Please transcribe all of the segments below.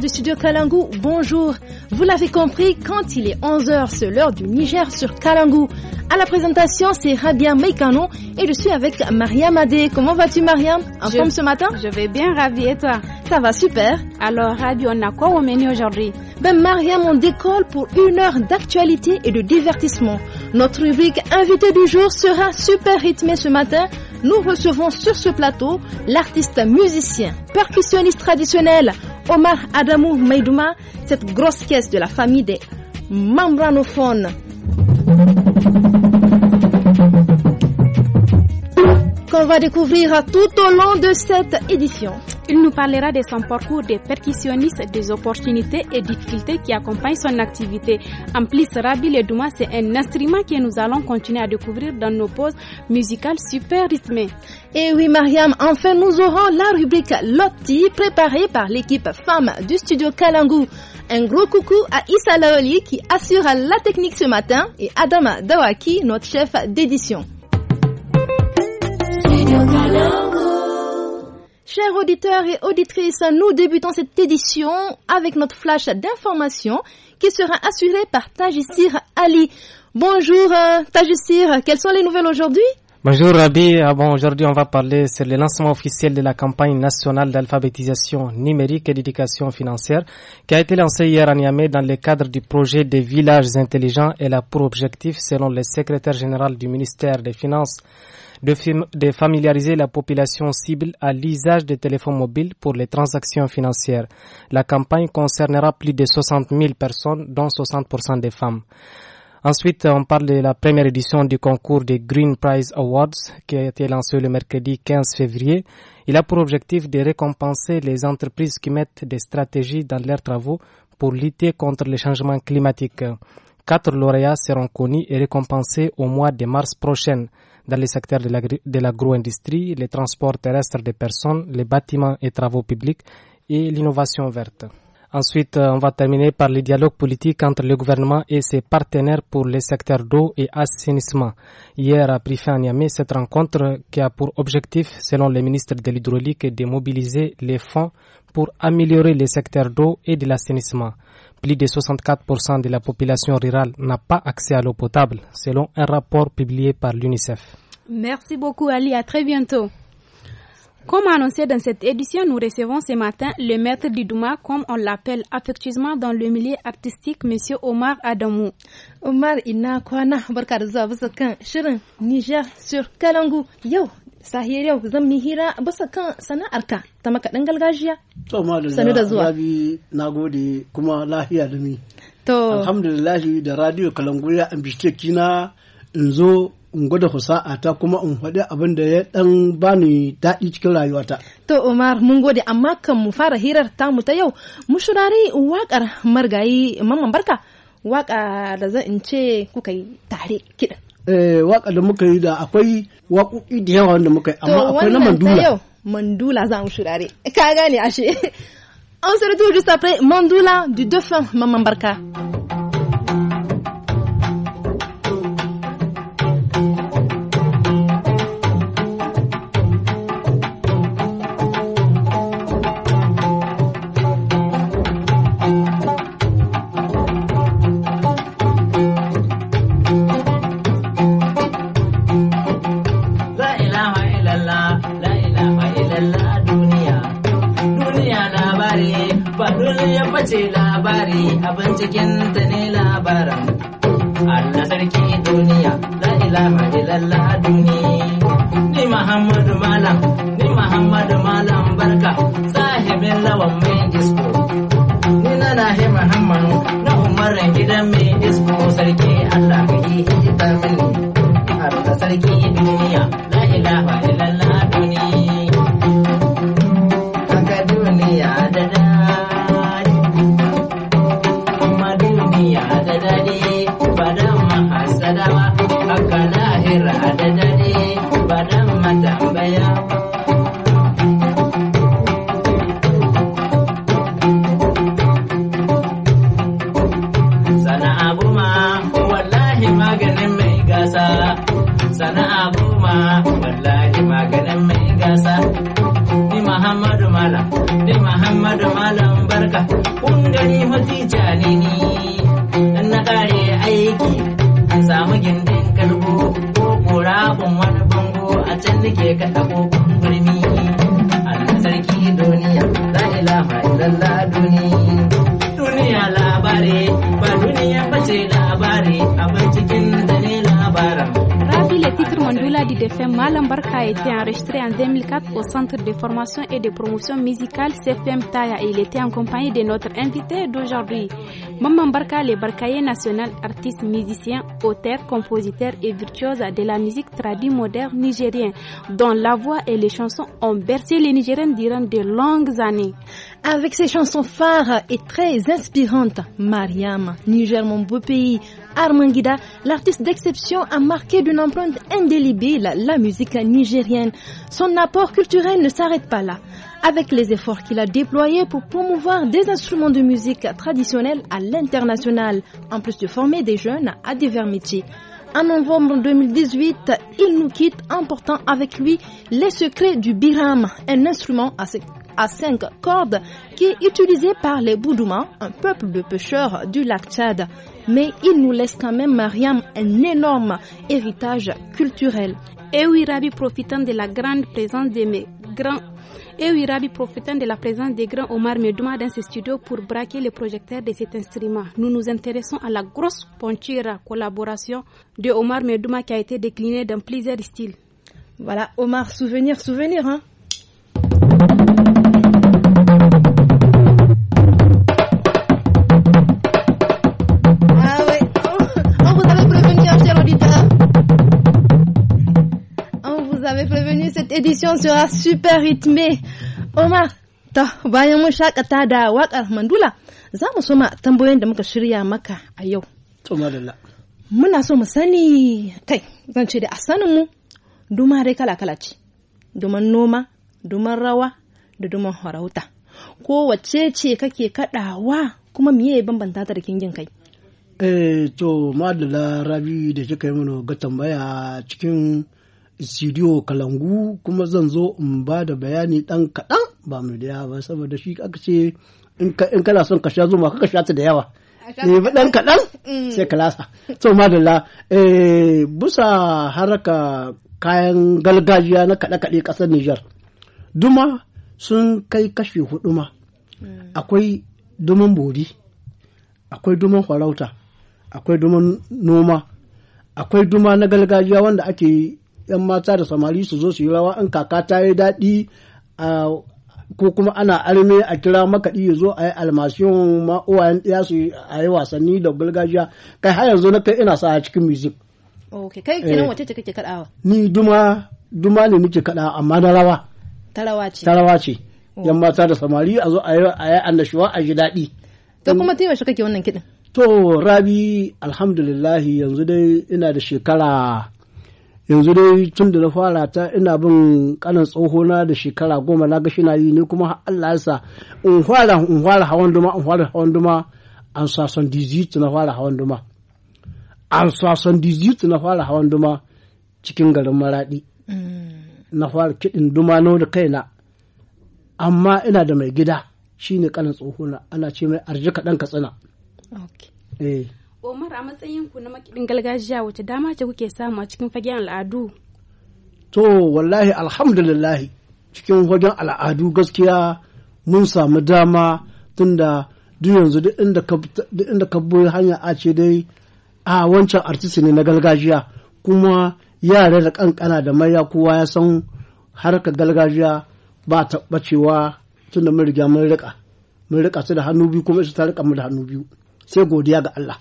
du studio Kalangu, bonjour. Vous l'avez compris, quand il est 11h, c'est l'heure du Niger sur Kalangu. À la présentation, c'est Rabia Meikano et je suis avec Mariam Adé. Comment vas-tu, Mariam En forme ce matin Je vais bien, Ravi, et toi Ça va super. Alors, Rabia, on a quoi au menu aujourd'hui ben Mariam, on décolle pour une heure d'actualité et de divertissement. Notre rubrique invité du jour sera super rythmée ce matin. Nous recevons sur ce plateau l'artiste musicien, percussionniste traditionnel Omar Adamou Maidouma, cette grosse caisse de la famille des membranophones. qu'on va découvrir tout au long de cette édition. Il nous parlera de son parcours des percussionnistes, des opportunités et difficultés qui accompagnent son activité. En plus, Rabi Douma, c'est un instrument que nous allons continuer à découvrir dans nos pauses musicales super rythmées. Et oui, Mariam, enfin, nous aurons la rubrique Lotti préparée par l'équipe femme du studio Kalangou. Un gros coucou à Issa Laoli qui assure la technique ce matin et Adama Dawaki, notre chef d'édition. Chers auditeurs et auditrices, nous débutons cette édition avec notre flash d'information qui sera assuré par Tajissir Ali. Bonjour euh, Tajissir, quelles sont les nouvelles aujourd'hui Bonjour Rabi, ah aujourd'hui on va parler sur le lancement officiel de la campagne nationale d'alphabétisation numérique et d'éducation financière qui a été lancée hier à Niamey dans le cadre du projet des villages intelligents et la pour objectif selon le secrétaire général du ministère des Finances de, familiariser la population cible à l'usage des téléphones mobiles pour les transactions financières. La campagne concernera plus de 60 000 personnes, dont 60% des femmes. Ensuite, on parle de la première édition du concours des Green Prize Awards qui a été lancé le mercredi 15 février. Il a pour objectif de récompenser les entreprises qui mettent des stratégies dans leurs travaux pour lutter contre les changements climatiques. Quatre lauréats seront connus et récompensés au mois de mars prochain dans les secteurs de l'agro-industrie, les transports terrestres des personnes, les bâtiments et travaux publics et l'innovation verte. Ensuite, euh, on va terminer par le dialogue politique entre le gouvernement et ses partenaires pour les secteurs d'eau et assainissement. Hier, à Prifé, Yamé cette rencontre qui a pour objectif, selon le ministre de l'Hydraulique, de mobiliser les fonds pour améliorer les secteurs d'eau et de l'assainissement plus de 64% de la population rurale n'a pas accès à l'eau potable, selon un rapport publié par l'UNICEF. Merci beaucoup Ali, à très bientôt. Comme annoncé dans cette édition, nous recevons ce matin le maître du Douma, comme on l'appelle affectueusement dans le milieu artistique, M. Omar Adamou. Omar Ina Kwana, Niger sur Kalangu. Yo, sahiyar yau zan mi hira bisa kan sana'arka ta makaɗin gargajiya. To sanu da zuwa. Rabi na gode kuma lafiya da mi. To. Alhamdulillahi da radio Kalanguya an bishe kina in zo in gwada husa'a ta kuma in faɗi abin da ya ɗan bani daɗi cikin rayuwata. To Umar mun gode amma kan mu fara hirar ta mu ta yau mu shirari waƙar margayi mamman barka waƙa da zan in ce kuka yi tare kiɗan. Eh, waka da muka yi da akwai waƙoƙi da yawa wanda muka yi amma akwai na mandula mandula za mu shirare ka gane ashe an sarrafa juste après mandula du dauphin mamman barka Ravi labari ba duniya le titre Mandula du défunt Malam a été enregistré en 2004 au Centre de formation et de promotion musicale CFM Taya il était en compagnie de notre invité d'aujourd'hui. Maman Mbarka, le national, artiste, musicien, auteur, compositeur et virtuose de la musique traduite moderne nigérienne, dont la voix et les chansons ont bercé les Nigériens durant de longues années. Avec ses chansons phares et très inspirantes, Mariam, Niger mon beau pays, Guida, l'artiste d'exception a marqué d'une empreinte indélébile la musique nigérienne. Son apport culturel ne s'arrête pas là. Avec les efforts qu'il a déployés pour promouvoir des instruments de musique traditionnels à l'international, en plus de former des jeunes à divers métiers. En novembre 2018, il nous quitte en portant avec lui les secrets du biram, un instrument à ses à cinq cordes qui est utilisé par les Boudoumans, un peuple de pêcheurs du lac Tchad. Mais il nous laisse quand même, Mariam, un énorme héritage culturel. Et oui, Rabi, profitant de la grande présence des mes grands et profitant de la présence des grands Omar Medouma dans ses studios pour braquer les projecteurs de cet instrument, nous nous intéressons à la grosse ponture collaboration de Omar Medouma qui a été déclinée dans plusieurs styles. Voilà, Omar, souvenir, souvenir, hein cette édition sera super rythmée. Omar, ta bayan mun shakata da wakar Mandula, za mu soma tambayoyin da muka shirya maka a yau. To madalla. Muna so mu sani kai, zan ce da a sanin mu duma dai kala-kala ce. Duman noma, duman rawa, da duman harauta. Kowace ce kake kaɗawa kuma miye bambanta ta da kingin kai? Eh, to madalla rabi da kika yi mana ga tambaya cikin studio kalangu kuma zan zo in ba da bayani ɗan kaɗan ba mu da yawa saboda shi aka ce in kana son ka sha zuma kaka sha ta da yawa ba eh, ɗan kaɗan mm. sai ka lasa so madalla eh, busa haraka kayan galgajiya na kaɗe-kaɗe ƙasar Nijar duma sun kai kashi hudu ma mm. akwai duman bori akwai duman farauta akwai duman noma akwai duma na galgajiya wanda ake 'yan mata da samari su zo su yi rawa in kaka ta yi daɗi ko kuma ana arme a kira makaɗi ya zo a yi almasiyon ma ya ɗaya su a yi wasanni da gargajiya kai har yanzu na kai ina sa a cikin music. ok kai kinan eh. wace ce kake kaɗawa. ni duma duma ne nake kaɗa amma na rawa. ta rawa ce. ta rawa ce. Oh. yan mata da samari a zo a yi annashuwa a ji daɗi. to kuma ta yaushe kake wannan kiɗin. to rabi alhamdulillahi yanzu dai ina da shekara yanzu dai tun da na fara ta ina bin kanan tsohona da shekara goma na gashi na yi ne kuma Allah ya sa in fara in fara hawan duma in fara hawan duma an sason dizit na fara hawan duma an sason dizit na fara hawan duma cikin garin maradi mm. na fara kiɗin duma na da kaina amma ina da mai gida shine kanan tsohona ana ce mai arji kaɗan katsina. Okay. Eh. Omar a matsayin ku na makidin gargajiya wace dama ce kuke samu a cikin fagen al'adu? To wallahi alhamdulillahi cikin wajen al'adu gaskiya mun samu dama tunda duk yanzu duk inda ka buyi hanya a ce dai a wancan artist ne na gargajiya kuma yare da kankana da maya kowa ya san harkar gargajiya ba ta bacewa tunda mun riga mun rika mun rika su da hannu biyu kuma su ta rika mu da hannu biyu sai godiya ga Allah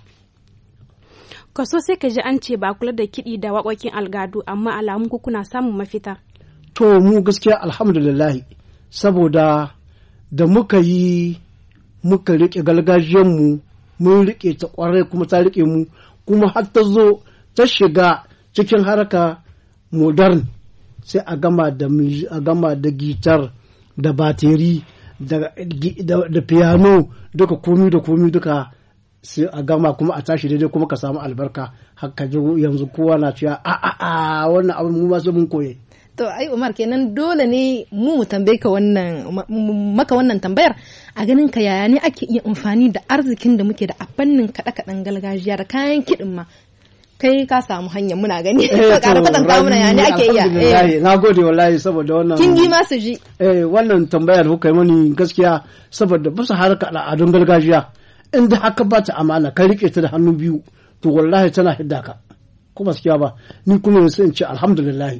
kaso sai ka ji an ce ba kula da kiɗi da waƙoƙin algadu amma alamun ku kuna samun mafita to mu gaskiya alhamdulillahi saboda da muka yi muka riƙe mu mun riƙe ta ƙwarai kuma ta riƙe mu kuma har ta zo ta shiga cikin haraka modern sai a gama da a gama da gitar da bateri da, da, da, da piano duka komi da komi duka sai a gama kuma a tashi daidai kuma ka samu albarka haka yanzu kowa na cewa a a a wannan abin mu ma su mun koye to ai Umar kenan dole ne mu mu tambaye ka wannan maka wannan tambayar a ganin ka yaya ne ake iya amfani da arzikin da muke da a fannin kaɗe kaɗen gargajiya da kayan kiɗin ma kai ka samu hanyar muna gani eh, ka to ka muna ya ne ake iya eh. na gode wallahi saboda wannan kin ma su ji eh wannan tambayar kuka yi mani gaskiya saboda su harka al'adun gargajiya in da haka ba ta amana ka rike ta da hannu biyu to wallahi tana hidda ka ko ba ba ni kuma yanzu in ce alhamdulillah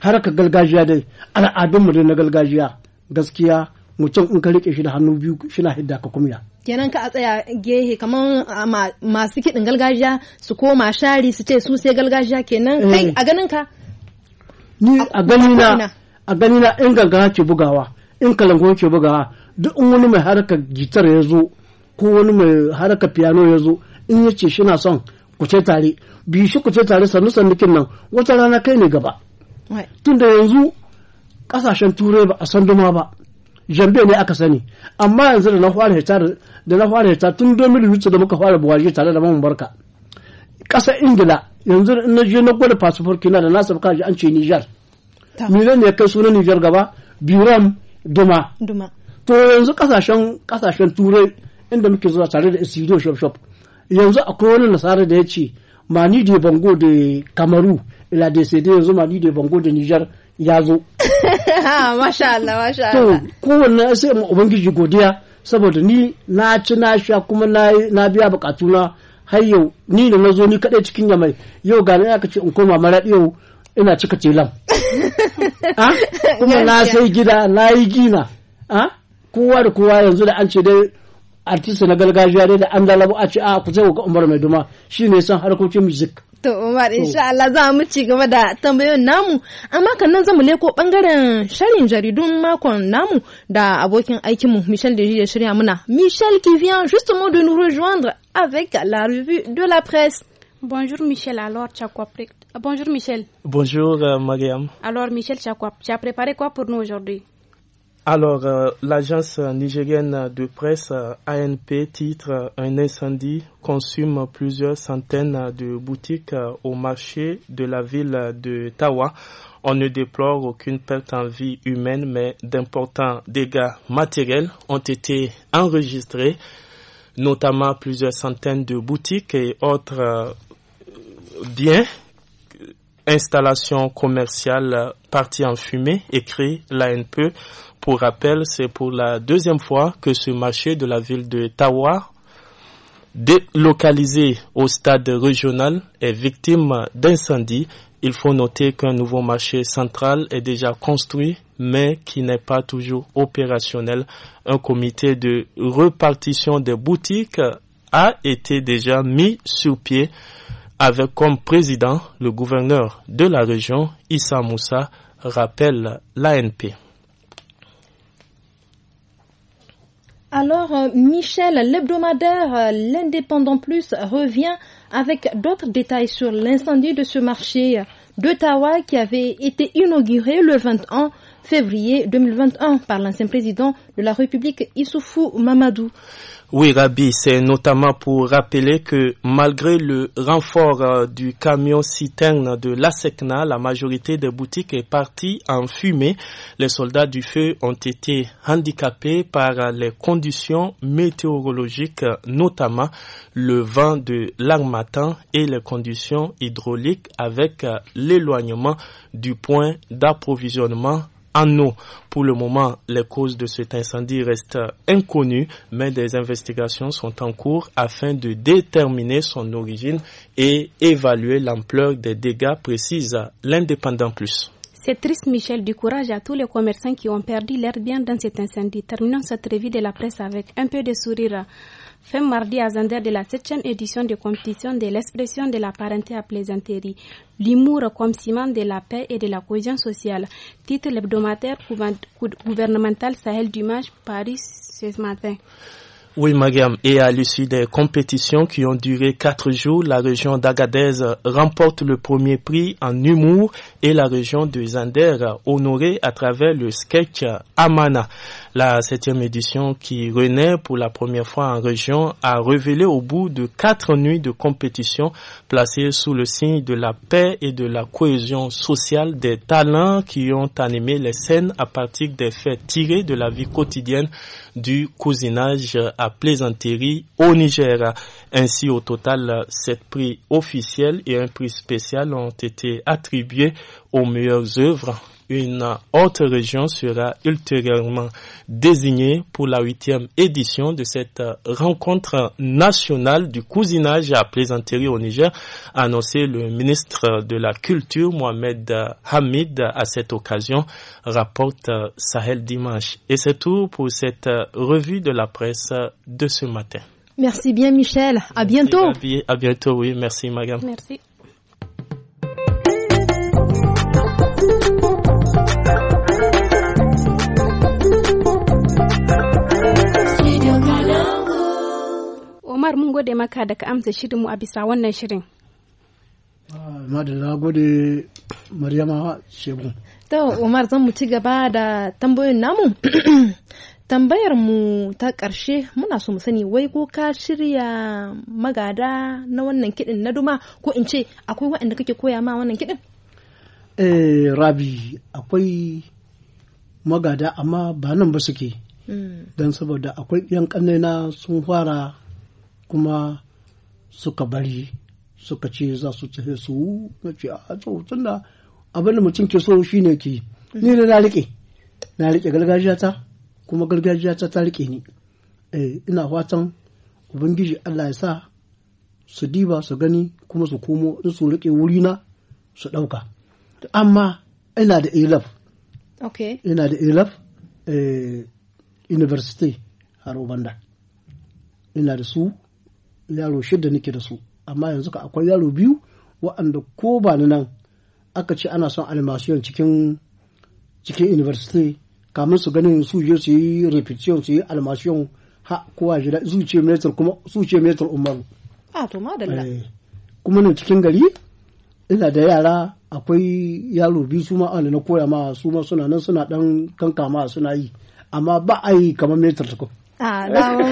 ka gargajiya dai al'adunmu mu na gargajiya gaskiya mutum in ka rike shi da hannu biyu shi na hidda ka kumya kenan ka a tsaya gehe kamar masu kiɗin gargajiya su koma shari su ce su sai gargajiya kenan eh. kai a ganin ka ni a ganina a ganina in ganga ce bugawa in kalangon ce bugawa duk in wani mai harkar gitar ya zo ko wani mai haraka piano ya zo in ya ce shina son ku ce tare bi shi ku ce tare sannu sannukin nan wata rana kai ne gaba tunda yanzu kasashen turai ba a san duma ba jambe ne aka sani amma yanzu da na fara hita da na fara hita tun 2000 da muka fara buwaje tare da mamun barka ƙasa ingila yanzu in na je na gwada fasfor kina da nasa kaji an ce nijar milan ne kai sunan nijar gaba biram duma to yanzu kasashen kasashen turai inda muke zuwa tare da studio shop shop yanzu akwai wani nasara da ya ce mani da bango da kamaru ila da sai yanzu mani da bango da nijar ya zo masha Allah masha Allah to kowanne sai mu ubangiji godiya saboda ni na ci na sha kuma na biya bukatu na har yau ni da na zo ni kadai cikin yamai yau ga na aka ce in koma maraɗi yau ina cika telan ah? kuma na sai gida na yi gina ah? kowa da kowa yanzu da an ce dai artist na gargajiya dai da an lalabo a ce a ah, ku sai ku umar mai duma shine san harkokin music to umar insha Allah za mu ci gaba da tambayoyin namu amma kan nan zamu leko bangaren sharin jaridun makon namu da abokin aikin mu Michel Deji ya shirya muna Michel qui vient justement de nous rejoindre avec la revue de la presse Bonjour Michel, alors tu as quoi pré... Euh, bonjour Michel. Bonjour euh, Mariam. Alors Michel, tu as, quoi... tu as préparé quoi pour nous aujourd'hui alors, euh, l'agence nigérienne de presse euh, ANP titre euh, Un incendie consume plusieurs centaines de boutiques au marché de la ville de Tawa. On ne déplore aucune perte en vie humaine, mais d'importants dégâts matériels ont été enregistrés, notamment plusieurs centaines de boutiques et autres biens installation commerciales, partie en fumée, écrit l'ANP. » Pour rappel, c'est pour la deuxième fois que ce marché de la ville de Tawa, délocalisé au stade régional, est victime d'incendie. Il faut noter qu'un nouveau marché central est déjà construit mais qui n'est pas toujours opérationnel. Un comité de repartition des boutiques a été déjà mis sur pied avec comme président le gouverneur de la région, Issa Moussa, rappelle l'ANP. Alors, euh, Michel, l'hebdomadaire euh, L'Indépendant Plus revient avec d'autres détails sur l'incendie de ce marché d'Ottawa qui avait été inauguré le 21 février 2021 par l'ancien président de la République Issoufou Mamadou. Oui, Rabi, c'est notamment pour rappeler que malgré le renfort euh, du camion citerne de l'ASECNA, la majorité des boutiques est partie en fumée. Les soldats du feu ont été handicapés par les conditions météorologiques, notamment le vent de l'armatan et les conditions hydrauliques avec euh, l'éloignement du point d'approvisionnement en Pour le moment, les causes de cet incendie restent inconnues, mais des investigations sont en cours afin de déterminer son origine et évaluer l'ampleur des dégâts à l'indépendant plus. C'est triste, Michel, du courage à tous les commerçants qui ont perdu leur bien dans cet incendie. Terminons cette revue de la presse avec un peu de sourire. Femme mardi à Zander de la 7e édition de compétition de l'expression de la parenté à plaisanterie, l'humour comme ciment de la paix et de la cohésion sociale, titre l'hebdomadaire gouvernemental Sahel Dimanche Paris ce matin. Oui, Mariam. Et à l'issue des compétitions qui ont duré quatre jours, la région d'Agadez remporte le premier prix en humour et la région de Zander honorée à travers le sketch Amana. La septième édition qui renaît pour la première fois en région a révélé au bout de quatre nuits de compétition placée sous le signe de la paix et de la cohésion sociale des talents qui ont animé les scènes à partir des faits tirés de la vie quotidienne du cousinage plaisanterie au Niger. Ainsi, au total, sept prix officiels et un prix spécial ont été attribués aux meilleures œuvres une autre région sera ultérieurement désignée pour la huitième édition de cette euh, rencontre nationale du cousinage à plaisanterie au Niger, a annoncé le ministre de la Culture, Mohamed euh, Hamid, à cette occasion, rapporte euh, Sahel Dimanche. Et c'est tout pour cette revue de la presse de ce matin. Merci bien, Michel. À bientôt. à bientôt, oui. Merci, madame. Merci. Umar mun gode maka da ka amsa shirinmu a bisa wannan shirin. Ah, madalla gode Maryama Shegun. To Umar zan mu ci gaba da tambayoyin namu. Tambayar mu ta ƙarshe muna so mu sani wai ko ka shirya magada na wannan kiɗin na duma ko in ce akwai waɗanda kake koya ma wannan kiɗin? Eh Rabi akwai magada amma ba nan ba suke. Hmm. Don saboda akwai 'yan ƙannena sun fara kuma suka bari suka ce za su tafi su na ce a tsohon da abinda mutum ke so shi ne ke ni ne na riƙe na riƙe ta kuma gargajiya ta ta rike ni eh, ina fatan ubangiji allah ya sa su diba su gani kuma su komo in su riƙe wurina su ɗauka amma ina da ilaf ina da ilaf eh, university har ina da su yaro shida nake da su amma yanzu ka akwai yaro biyu wa'anda ko ba ni nan aka ce ana son animation cikin cikin university kamar su ganin su je su yi repetition su yi animation ha kowa shi su ce metar kuma su ce metar umaru a to madalla eh, kuma nan cikin gari ina da yara akwai yaro biyu su ma na koya ma su ma suna nan suna dan kankama suna yi amma ba a yi kamar metar kuma a dama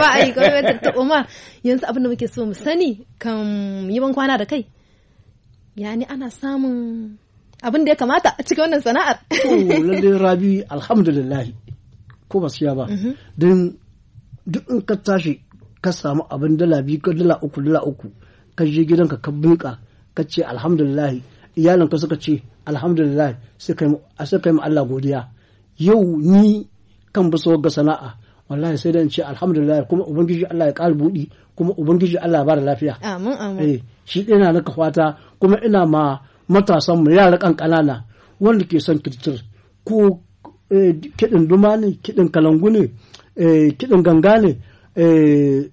ba a yi kawai ma yanzu abin da muke so mu sani kan yi ban kwana da kai ni ana samun abin da ya kamata a cikin wannan sana'ar lalle rabi alhamdulillah ko ba siya ba mm-hmm. don duk in ka tashi ka samu abin dala biyu ka dala uku dala uku ka je gidanka ka bunka ka ce alhamdulillahi iyalanka suka ce alhamdulillah sai kai mu Allah godiya yau ni kan bi so ga sana'a wallahi sai dan ce alhamdulillah kuma ubangiji Allah ya ƙara budi kuma ubangiji Allah ya bada lafiya amin amin eh shi ina naka fata kuma ina ma matasan mu yara kan kanana wanda ke son kirtir ko eh, kidin duma ne kidin kalangu ne eh, kidin ganga ne eh,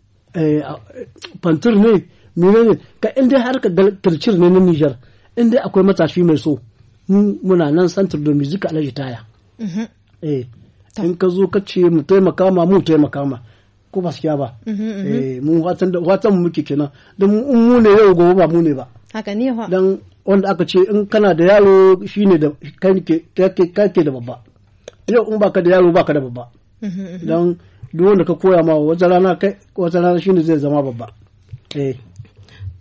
fantir ne mene ka inda har ka kirtir ne na Nijar inda akwai matashi mai so muna nan santar da music alaji taya mhm. eh in ka zo ka ce mu taimaka ma mu taimaka ma ko ba siya ba mhm, mhm. eh mu watan da watan mu muke kenan dan mu mu ne yau gobe ba mu ne ba haka ne fa dan wanda aka ce in kana da yaro shine da kai ke kake da babba yau in baka da yaro baka da babba mhm, dan duk wanda ka koya ma wata rana kai wata rana shine zai zama babba eh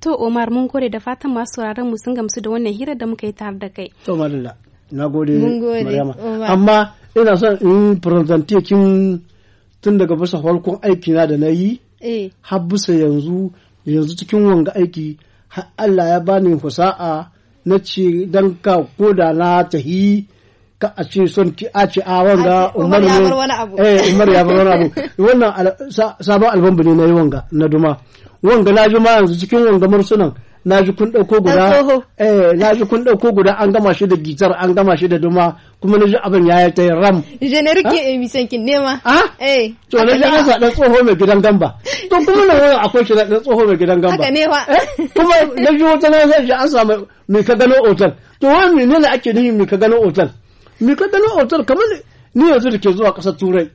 to Omar mun gode da fatan masu sauraron mu sun gamsu da wannan hira da muka yi tare da kai to madalla nagode Maryama amma ina son in presente kin tun daga bisa farkon aikina da na yi eh. har bisa yanzu yanzu cikin wanga aiki har Allah ya bani husa'a na ce dan ka koda na tahi ka a ce son ki a ce a wanga Umar ya bar wani abu eh Umar ya bar wani abu wannan sabon albambu ne na yi wanga na duma wanga na ji ma yanzu cikin wanga mursunan na ji kun ɗauko guda eh na ji kun ɗauko guda an gama shi da gitar an gama shi da duma kuma na ji abin ya ta ram generic ke emission kin nema a eh to na ji an dan tsoho mai gidan gamba to kuma na wani akwai shi dan tsoho mai gidan gamba haka ne fa. Eh, kuma na ji wata na ji an samu mai ka gano otal to wai menene ake nihi mai ka gano otal mai ka gano otal kamar ni yanzu da ke zuwa ƙasar turai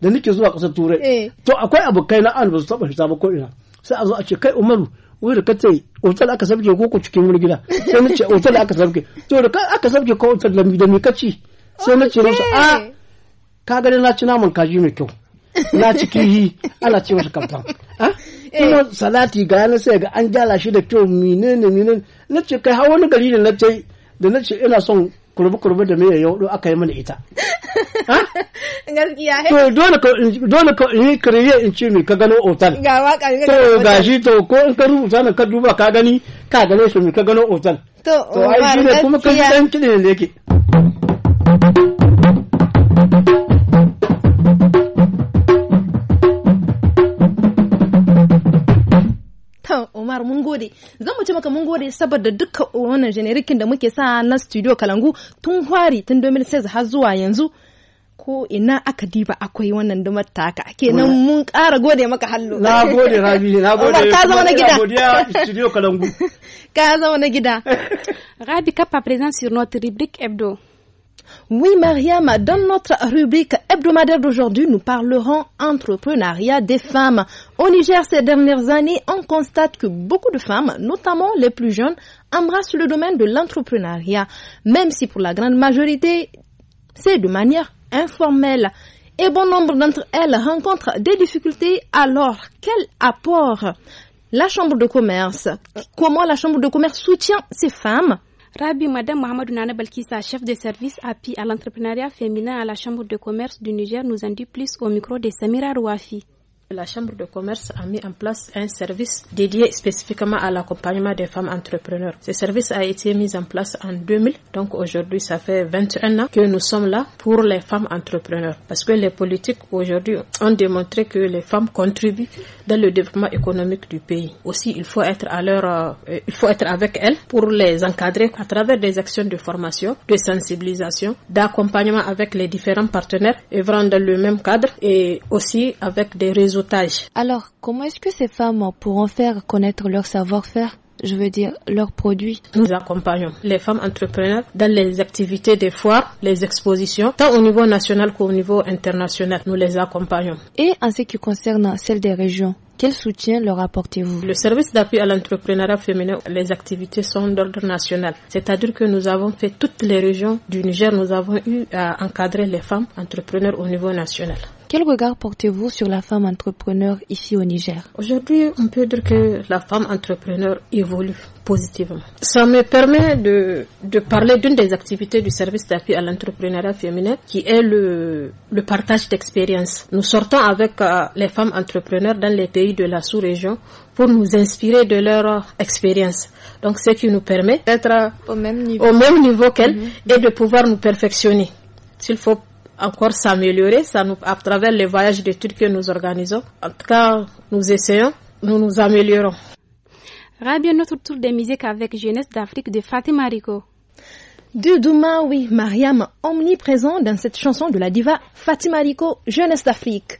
da ke zuwa ƙasar turai eh. to akwai abokai na an ba su taɓa ta ba ko ina sai a zo a ce kai umaru wai ka tsaye otal aka sabke ko ku cikin wani gida sai na ce otal aka sabke to da aka sabke ko otal da mi ka ci sai na ce masa a ah, ka gani na ci naman kaji mai kyau na ci kihi ana ce masa kaftan ah, eh. kuma salati ga yana sai ga an jala shi da kyau menene menene na ce kai hawa wani gari ne na ce da na ce ina son kurbe kurbe da mai yau aka yi mana ita gaskiya to dole ka dole ka yi kariye in ce me ka gano otal ga waka to gashi to ko in ka rubuta nan ka duba ka gani ka gane shi me ka gano otal to ai shi ne kuma kan dan kidin ne yake Umar mun gode zan mu ce maka mun gode saboda dukkan wannan generikin da muke sa na studio Kalangu tun hwari tun 2006 har zuwa yanzu ko notre rubrique oui, Mariam, dans notre rubrique hebdomadaire d'aujourd'hui, nous parlerons entrepreneuriat des femmes. Au Niger, ces dernières années, on constate que beaucoup de femmes, notamment les plus jeunes, embrassent le domaine de l'entrepreneuriat, même si pour la grande majorité, c'est de manière informelles et bon nombre d'entre elles rencontrent des difficultés. Alors, quel apport la Chambre de commerce Comment la Chambre de commerce soutient ces femmes Rabi Madame Mohamedou Nana Balkissa, chef de service API à l'entrepreneuriat féminin à la Chambre de commerce du Niger, nous en dit plus au micro de Samira Rouafi la Chambre de commerce a mis en place un service dédié spécifiquement à l'accompagnement des femmes entrepreneurs. Ce service a été mis en place en 2000, donc aujourd'hui ça fait 21 ans que nous sommes là pour les femmes entrepreneurs. Parce que les politiques aujourd'hui ont démontré que les femmes contribuent dans le développement économique du pays. Aussi, il faut être à leur, euh, il faut être avec elles pour les encadrer à travers des actions de formation, de sensibilisation, d'accompagnement avec les différents partenaires, œuvrant dans le même cadre et aussi avec des réseaux alors, comment est-ce que ces femmes pourront faire connaître leur savoir-faire je veux dire leurs produits. Nous accompagnons les femmes entrepreneurs dans les activités des foires, les expositions, tant au niveau national qu'au niveau international. Nous les accompagnons. Et en ce qui concerne celles des régions, quel soutien leur apportez-vous Le service d'appui à l'entrepreneuriat féminin, les activités sont d'ordre national. C'est-à-dire que nous avons fait toutes les régions du Niger, nous avons eu à encadrer les femmes entrepreneurs au niveau national. Quel regard portez-vous sur la femme entrepreneur ici au Niger Aujourd'hui, on peut dire que la femme entrepreneur évolue positivement. Ça me permet de, de parler d'une des activités du service d'appui à l'entrepreneuriat féminin qui est le, le partage d'expériences. Nous sortons avec euh, les femmes entrepreneurs dans les pays de la sous-région pour nous inspirer de leur expérience. Donc, ce qui nous permet d'être euh, au même niveau, niveau qu'elles mhm. et de pouvoir nous perfectionner. S'il faut encore s'améliorer ça nous, à travers les voyages d'études que nous organisons. En tout cas, nous essayons, nous nous améliorons. Rabia, notre tour de musique avec Jeunesse d'Afrique de Fatima Rico. De oui, Mariam, omniprésent dans cette chanson de la diva Fatima Rico, Jeunesse d'Afrique.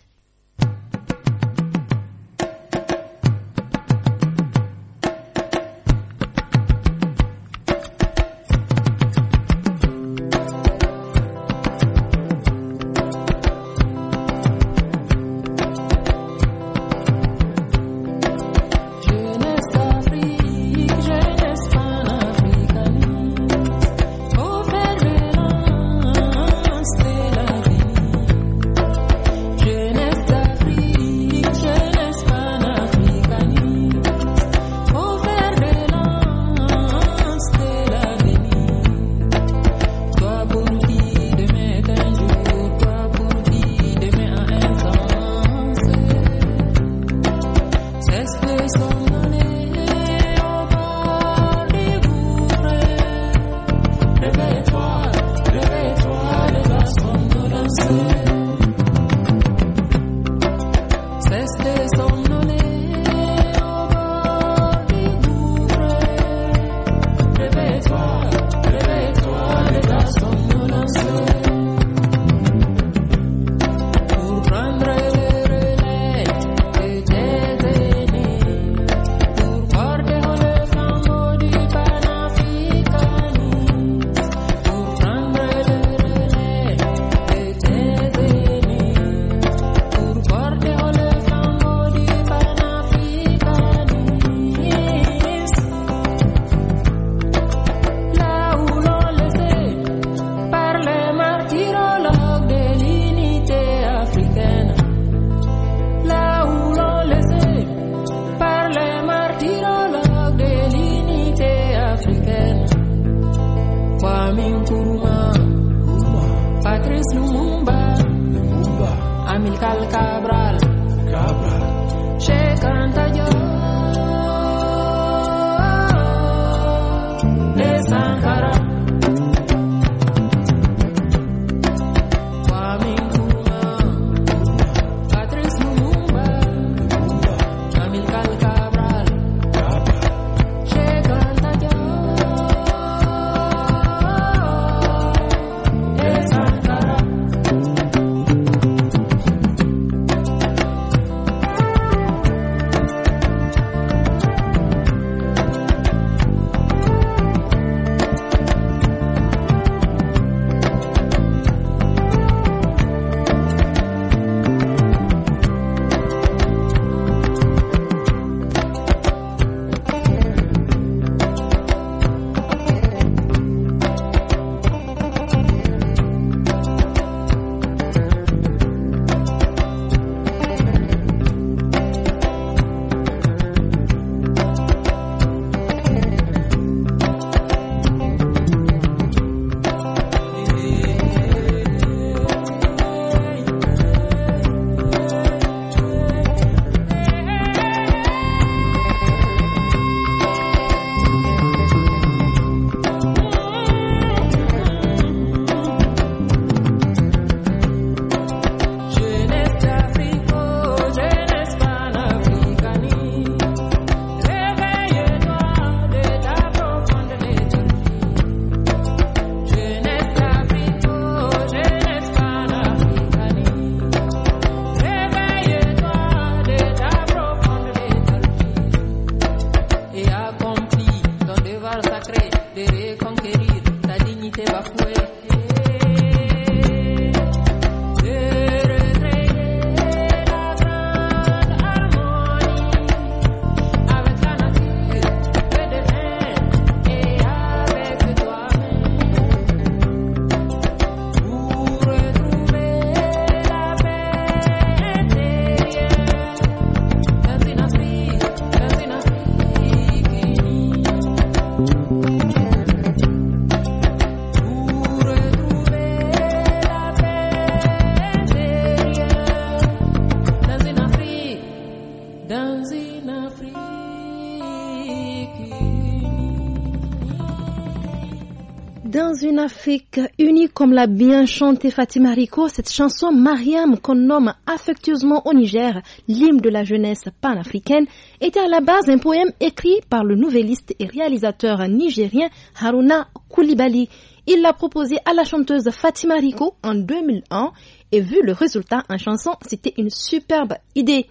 Dans une Afrique unie comme l'a bien chanté Fatima Rico, cette chanson Mariam qu'on nomme affectueusement au Niger, l'hymne de la jeunesse panafricaine, était à la base d'un poème écrit par le nouvelliste et réalisateur nigérien Haruna Koulibaly. Il l'a proposé à la chanteuse Fatima Rico en 2001 et vu le résultat en chanson, c'était une superbe idée.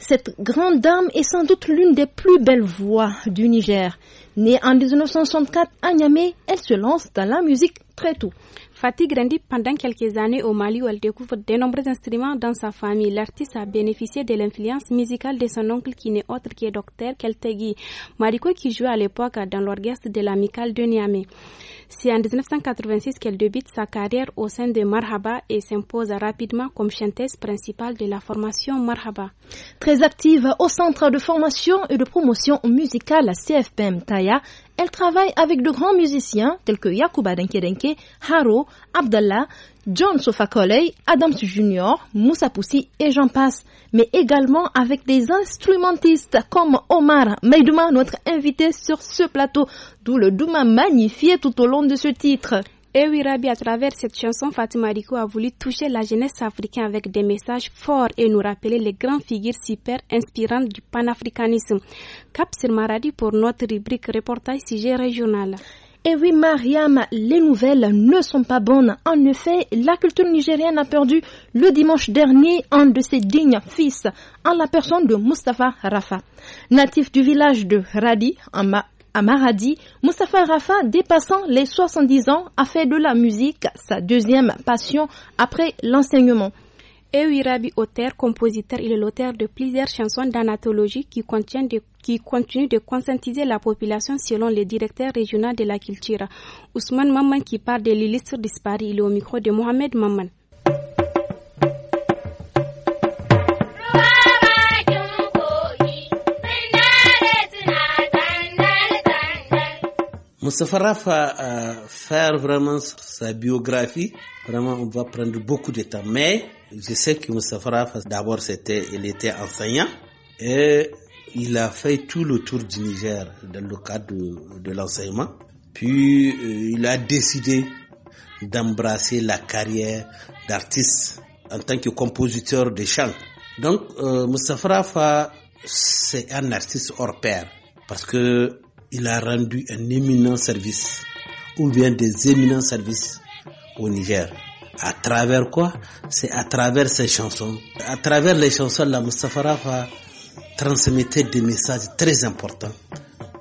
Cette grande dame est sans doute l'une des plus belles voix du Niger. Née en 1964 à Niamey, elle se lance dans la musique très tôt. Fatih grandit pendant quelques années au Mali où elle découvre de nombreux instruments dans sa famille. L'artiste a bénéficié de l'influence musicale de son oncle qui n'est autre que Docteur Keltegui, Mariko qui jouait à l'époque dans l'orchestre de l'amicale de Niamey. C'est en 1986 qu'elle débute sa carrière au sein de Marhaba et s'impose rapidement comme chanteuse principale de la formation Marhaba. Très active au centre de formation et de promotion musicale à CFPM Taya, elle travaille avec de grands musiciens tels que Yakuba Denke Denke, Haro, Abdallah, John Sofakolei, Adams Junior, Moussa Poussi et j'en passe, mais également avec des instrumentistes comme Omar Maïdouma, notre invité sur ce plateau, d'où le Douma magnifié tout au long de ce titre. Et eh oui, Rabi, à travers cette chanson, Fatima Rico a voulu toucher la jeunesse africaine avec des messages forts et nous rappeler les grandes figures super inspirantes du panafricanisme. Cap Maradi pour notre rubrique reportage sujet régional. Eh oui, Mariam, les nouvelles ne sont pas bonnes. En effet, la culture nigérienne a perdu le dimanche dernier un de ses dignes fils, en la personne de Mustafa Rafa. Natif du village de Radi, à Maradi, Mustafa Rafa, dépassant les 70 ans, a fait de la musique sa deuxième passion après l'enseignement. Eh oui, Rabi, auteur, compositeur, il est l'auteur de plusieurs chansons d'anatologie qui contiennent des qui continue de conscientiser la population selon le directeur régional de la culture. Ousmane Maman qui parle de l'illustre disparu, il est au micro de Mohamed Maman. Moussa Rafa euh, faire vraiment sa biographie, vraiment on va prendre beaucoup de temps. Mais je sais que Moussa Rafa, d'abord, c'était, il était enseignant et il a fait tout le tour du Niger dans le cadre de, l'enseignement. Puis euh, il a décidé d'embrasser la carrière d'artiste en tant que compositeur de chants. Donc euh, Rafa, c'est un artiste hors pair parce que il a rendu un éminent service ou bien des éminents services au Niger. À travers quoi C'est à travers ses chansons. À travers les chansons, la Mustafa Rafa transmettait des messages très importants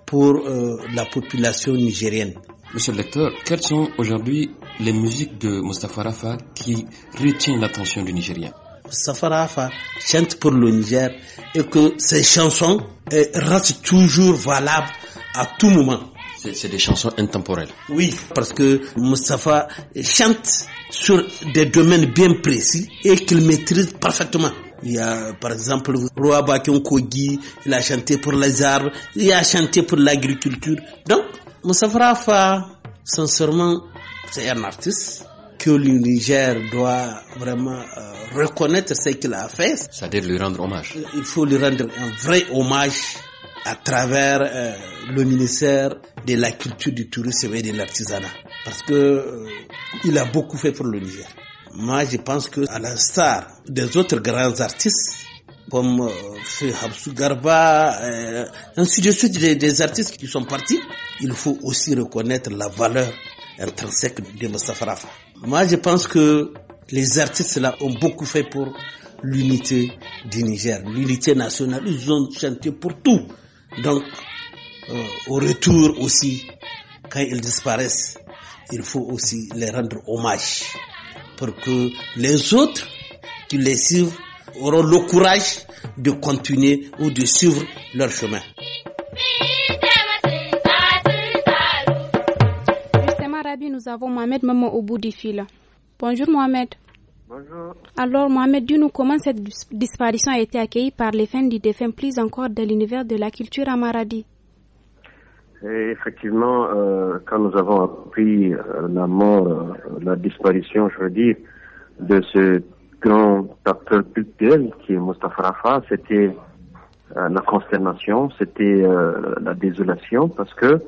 pour euh, la population nigérienne. Monsieur le lecteur, quelles sont aujourd'hui les musiques de Mustafa Rafa qui retiennent l'attention du Nigérien Mustafa Rafa chante pour le Niger et que ses chansons euh, restent toujours valables à tout moment. C'est des chansons intemporelles. Oui, parce que Mustafa chante sur des domaines bien précis et qu'il maîtrise parfaitement. Il y a, par exemple, Roi Bakion Kogi, il a chanté pour les arbres, il a chanté pour l'agriculture. Donc, Moussa Rafa, sincèrement, c'est un artiste que le Niger doit vraiment euh, reconnaître ce qu'il a fait. C'est-à-dire lui rendre hommage. Il faut lui rendre un vrai hommage à travers euh, le ministère de la culture, du tourisme et de l'artisanat. Parce que euh, il a beaucoup fait pour le Niger. Moi, je pense que, à l'instar des autres grands artistes, comme euh, Garba, euh, ainsi de suite, des, artistes qui sont partis, il faut aussi reconnaître la valeur intrinsèque de Mustafa Rafa. Moi, je pense que les artistes là ont beaucoup fait pour l'unité du Niger, l'unité nationale. Ils ont chanté pour tout. Donc, euh, au retour aussi, quand ils disparaissent, il faut aussi les rendre hommage pour que les autres qui les suivent auront le courage de continuer ou de suivre leur chemin. Justement, nous avons Mohamed Maman au bout du fil. Bonjour Mohamed. Bonjour. Alors Mohamed, dis-nous comment cette disparition a été accueillie par les fans du défunt, plus encore de l'univers de la culture amaradi. Et effectivement, euh, quand nous avons appris euh, la mort, euh, la disparition, je veux dire, de ce grand acteur culturel qui est Mustafa Rafa, c'était euh, la consternation, c'était la désolation, parce que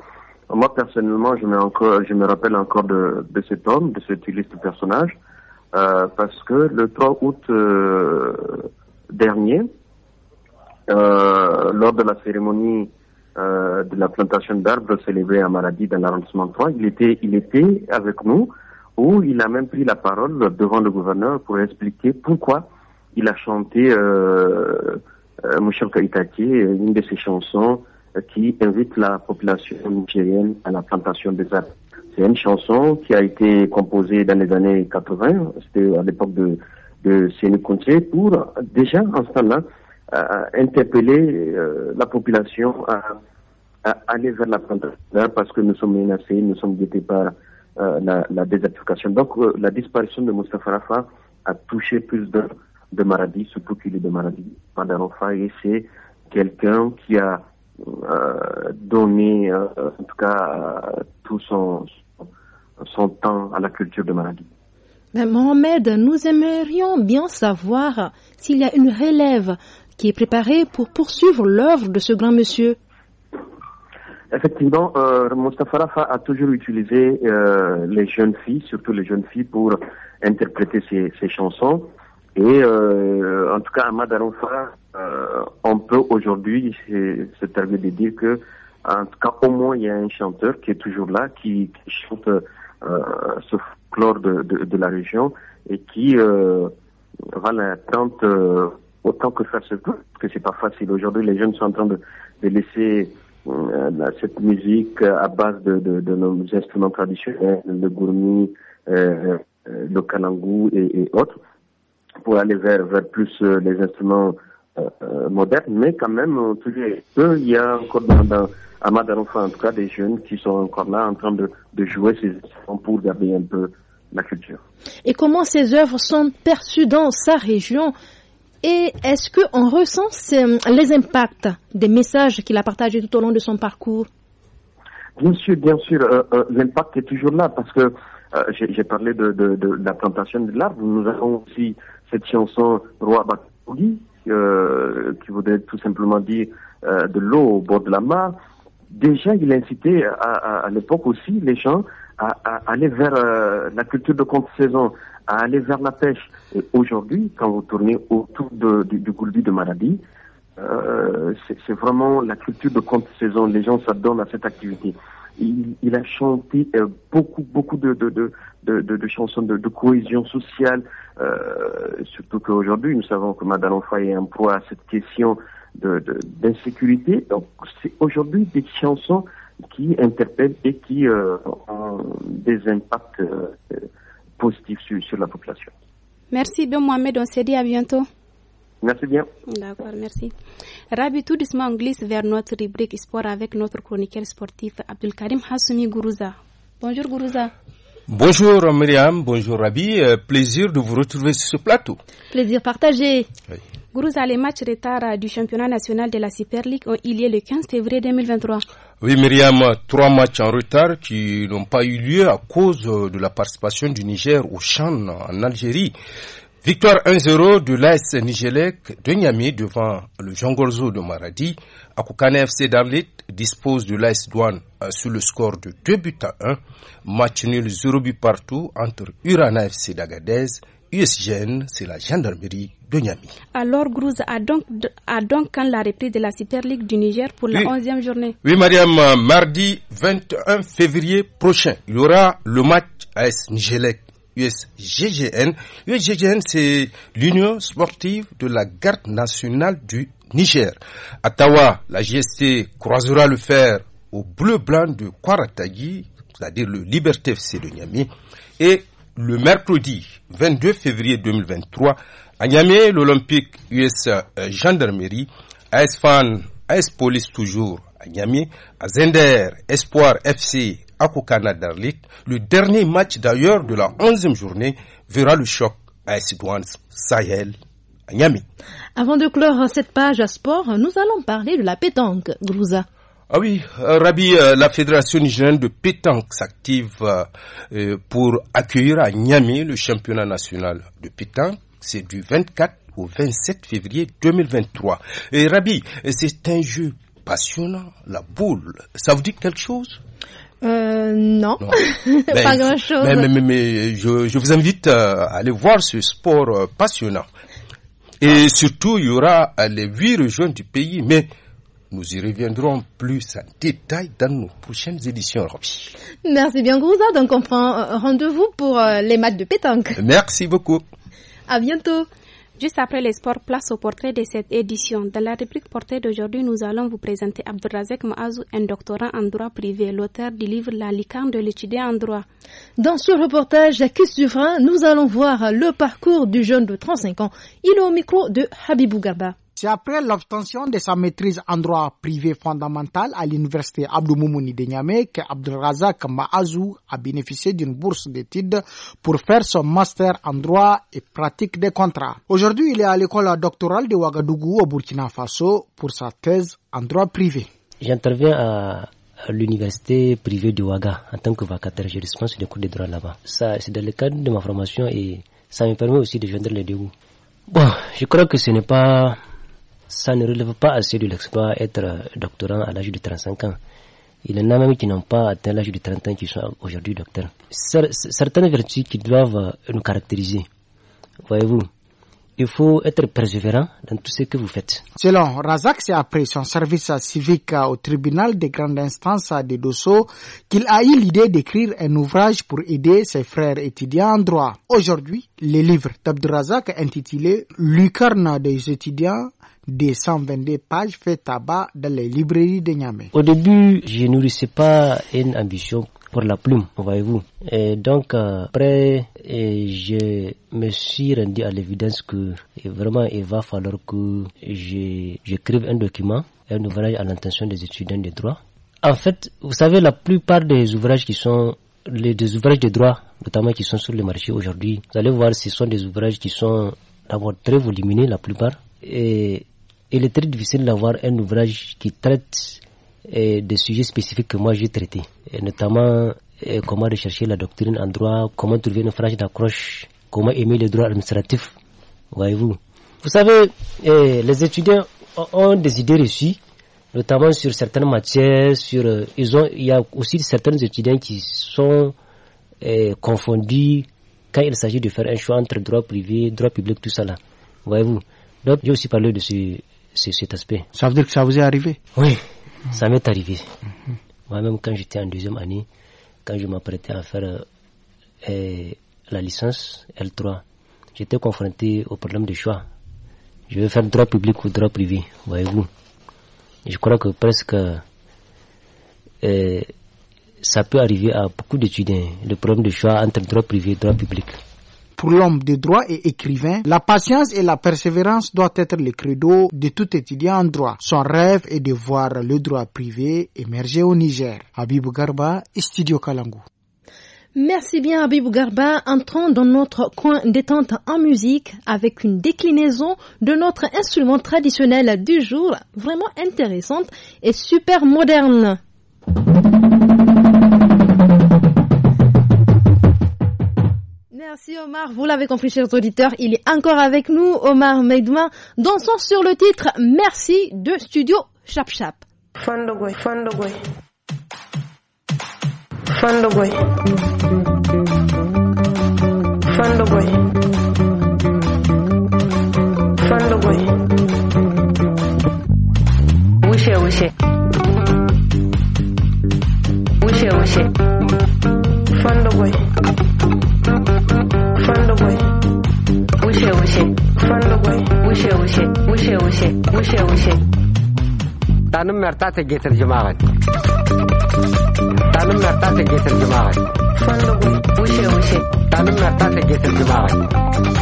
moi personnellement, je me, encore, rappelle encore de, de cet homme, de cet illustre personnage, parce que le 3 août dernier, lors de la cérémonie euh, de la plantation d'arbres célébrée à Maradi dans l'arrondissement 3. Il était, il était avec nous où il a même pris la parole devant le gouverneur pour expliquer pourquoi il a chanté euh, euh une de ses chansons qui invite la population nigérienne à la plantation des arbres. C'est une chanson qui a été composée dans les années 80, c'était à l'époque de, de Séné Conté, pour déjà en ce temps-là à interpeller euh, la population à, aller vers la parce que nous sommes menacés, nous sommes guettés par euh, la, désertification. Donc euh, la disparition de Mustafa Rafa a touché plus de, de maladies, surtout qu'il est de maladies pendant et c'est quelqu'un qui a donné en tout cas tout son, temps à la culture de maladie. Mais Mohamed, nous aimerions bien savoir s'il y a une relève qui est préparé pour poursuivre l'œuvre de ce grand monsieur Effectivement, euh, Rafa a toujours utilisé euh, les jeunes filles, surtout les jeunes filles, pour interpréter ses, chansons. Et euh, en tout cas, Ahmad Aroufa, euh, on peut aujourd'hui se terminer de dire que, en tout cas, au moins, il y a un chanteur qui est toujours là, qui, chante ce folklore de, la région et qui va tente autant que ça se peut, parce que c'est pas facile. Aujourd'hui, les jeunes sont en train de, de laisser euh, cette musique à base de, de, nos instruments traditionnels, le gourmi, euh, euh, le kanangou et, autres, pour aller vers, plus les instruments modernes. Mais quand même, il y a encore dans, à Madarofa, en tout cas, des jeunes qui sont encore là en train de, de jouer ces instruments pour garder un peu la culture. Et comment ces œuvres sont perçues dans sa région et est-ce qu'on ressent les impacts des messages qu'il a partagés tout au long de son parcours Bien sûr, bien sûr. Euh, euh, l'impact est toujours là parce que euh, j'ai parlé de, la plantation de l'arbre. Nous avons aussi cette chanson Roi Bakoudi qui voudrait tout simplement dire de l'eau au bord de la mare. Déjà, il incitait à, à, l'époque aussi les gens à, à aller vers la culture de contre-saison, à aller vers la pêche. Et aujourd'hui, quand vous tournez autour de, du, du de Maladie, euh, c'est vraiment la culture de compte saison Les gens s'adonnent à cette activité. Il, a chanté euh, beaucoup, beaucoup de, de, chansons de, cohésion sociale, euh, surtout qu'aujourd'hui, nous savons que Madame Faye est un poids à cette question d'insécurité. Donc, c'est aujourd'hui des chansons qui interpellent et qui euh, ont des impacts euh, positif sur, sur la population. Merci bien Mohamed, on se dit à bientôt. Merci bien. D'accord, merci. Rabi, tout doucement, on glisse vers notre rubrique sport avec notre chroniqueur sportif Karim Hassoumi Gourouza. Bonjour Gourouza. Bonjour Myriam, bonjour Rabi, euh, plaisir de vous retrouver sur ce plateau. Plaisir partagé. Gourouza, les matchs retard du championnat national de la Super League ont eu lieu le 15 février 2023. Oui, Myriam, trois matchs en retard qui n'ont pas eu lieu à cause euh, de la participation du Niger au Chan en Algérie. Victoire 1-0 de l'AS Nigelec de Niamey devant le Jongorzo de Maradi. Akoukane FC Darlit dispose de l'AS Douane euh, sur le score de 2 buts à 1. Match nul 0 0 partout entre Urana FC d'Agadez USGN, c'est la gendarmerie de Niamey. Alors, Grouze, a donc, a donc quand la reprise de la Super League du Niger pour la 11e journée Oui, Mariam, euh, mardi 21 février prochain, il y aura le match AS Nigelec USGGN. USGGN, c'est l'Union sportive de la garde nationale du Niger. Tawa, la GST croisera le fer au bleu-blanc de Kwaratagi, c'est-à-dire le Liberté FC de Niamey, et le mercredi 22 février 2023 à Niamey, l'Olympique US euh, Gendarmerie, AS Fan, AS Police toujours à Niamey, à Zender, Espoir FC, Akokana Darlit. Le dernier match d'ailleurs de la 11e journée verra le choc à Douanes Sahel à Niamey. Avant de clore cette page à sport, nous allons parler de la pétanque, Grouza. Ah oui, euh, Rabi, euh, la Fédération nigérienne de pétanque s'active euh, pour accueillir à Niamey le championnat national de pétanque. C'est du 24 au 27 février 2023. Et Rabi, c'est un jeu passionnant, la boule. Ça vous dit quelque chose non, ben, pas grand chose. Mais, mais, mais, je, je, vous invite à aller voir ce sport passionnant. Et surtout, il y aura les huit régions du pays. Mais nous y reviendrons plus en détail dans nos prochaines éditions, Merci bien, Grouza. Donc, on prend euh, rendez-vous pour euh, les matchs de pétanque. Merci beaucoup. À bientôt. Juste après les sports, place au portrait de cette édition. Dans la réplique portée d'aujourd'hui, nous allons vous présenter Abdrazek Maazou, un doctorant en droit privé, l'auteur du livre La licorne de l'étudiant en droit. Dans ce reportage, Jacques nous allons voir le parcours du jeune de 35 ans. Il est au micro de Habibou Gaba. C'est après l'obtention de sa maîtrise en droit privé fondamental à l'université Abdou Moumouni de Niamey que Abdelrazak Maazou a bénéficié d'une bourse d'études pour faire son master en droit et pratique des contrats. Aujourd'hui, il est à l'école doctorale de Ouagadougou au Burkina Faso pour sa thèse en droit privé. J'interviens à l'université privée de Ouaga en tant que vacataire. Je dispense des cours de droit là-bas. Ça, c'est dans le cadre de ma formation et ça me permet aussi de joindre les deux Bon, je crois que ce n'est pas ça ne relève pas assez de l'exploit être doctorant à l'âge de 35 ans. Il y en a même qui n'ont pas atteint l'âge de 30 ans qui sont aujourd'hui docteurs. Certaines vertus qui doivent nous caractériser, voyez-vous, il faut être persévérant dans tout ce que vous faites. Selon Razak, c'est après son service civique au tribunal des grandes instances de Dosso qu'il a eu l'idée d'écrire un ouvrage pour aider ses frères étudiants en droit. Aujourd'hui, le livre d'Abdurazak intitulé Lucarne des étudiants des 122 pages fait tabac dans les librairies de Niamey. Au début, je nourrissais pas une ambition pour la plume, voyez-vous. Et donc, euh, après, je me suis rendu à l'évidence que vraiment, il va falloir que j'écrive un document, un ouvrage à l'intention des étudiants de droit. En fait, vous savez, la plupart des ouvrages qui sont les des ouvrages de droit, notamment qui sont sur le marché aujourd'hui, vous allez voir, ce sont des ouvrages qui sont d'abord très volumineux, la plupart. Et il est très difficile d'avoir un ouvrage qui traite et des sujets spécifiques que moi j'ai traités, et notamment euh, comment rechercher la doctrine en droit, comment trouver une phrase d'accroche, comment aimer le droit administratif, voyez-vous. Vous savez, euh, les étudiants ont des idées reçues, notamment sur certaines matières, sur, euh, ils ont, il y a aussi certains étudiants qui sont confondus quand il s'agit de faire un choix entre droit privé, droit public, tout ça là, voyez-vous. Donc j'ai aussi parlé de ce, cet aspect. Ça veut dire que ça vous est arrivé Oui, ça m'est arrivé. Moi-même, quand j'étais en deuxième année, quand je m'apprêtais à faire euh, euh, la licence L3, j'étais confronté au problème de choix. Je veux faire droit public ou droit privé, voyez-vous. Je crois que presque euh, ça peut arriver à beaucoup d'étudiants, le problème de choix entre droit privé et droit public. Pour l'homme de droit et écrivain, la patience et la persévérance doivent être le credo de tout étudiant en droit. Son rêve est de voir le droit privé émerger au Niger. Habib Garba, Studio Kalangu. Merci bien Habib Garba. Entrons dans notre coin détente en musique avec une déclinaison de notre instrument traditionnel du jour, vraiment intéressante et super moderne. Merci Omar, vous l'avez compris chers auditeurs, il est encore avec nous, Omar Meidouin, dansons sur le titre Merci de Studio Chap Chap. وش وش وش وش وش وش تنم مرتات جيت الجماعة تنم مرتات جيت الجماعة فندقوي وش وش تنم مرتات جيت الجماعة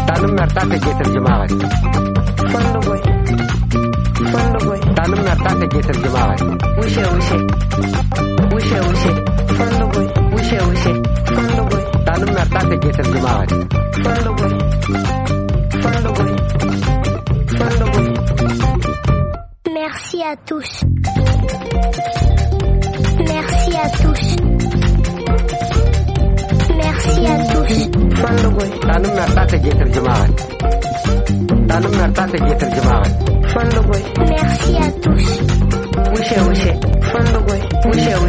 تنم مرتات جيت الجماعة فندقوي فندقوي تنم مرتات جيت الجماعة وش وش وش وش فندقوي وش وش فندقوي تنم مرتات جيت الجماعة فندقوي فندقوي à tous. Merci à tous. Merci à tous. Merci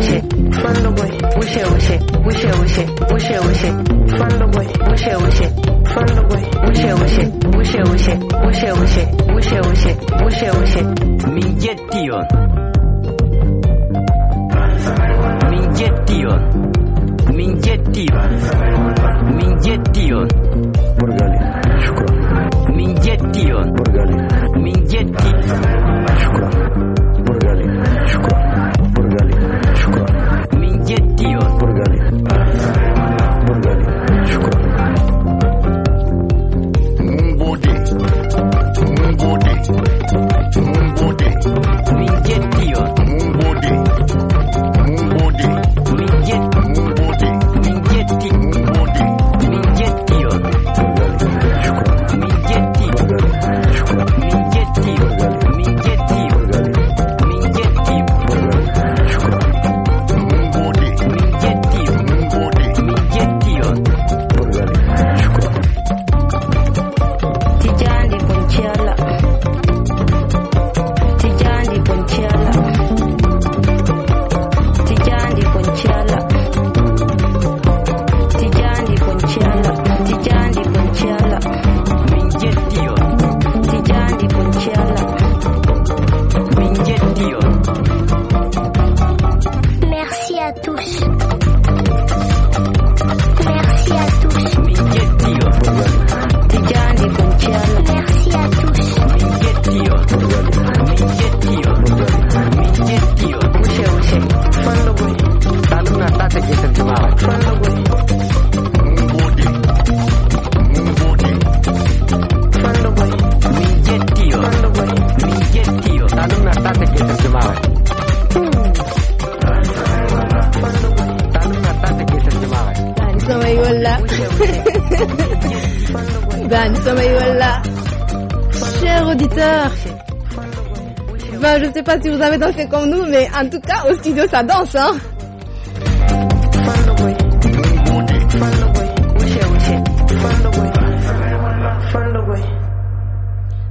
à tous. Millet Dion. Millet Dion. Millet Dion. Millet Dion. danser comme nous, mais en tout cas, au studio, ça danse. Hein.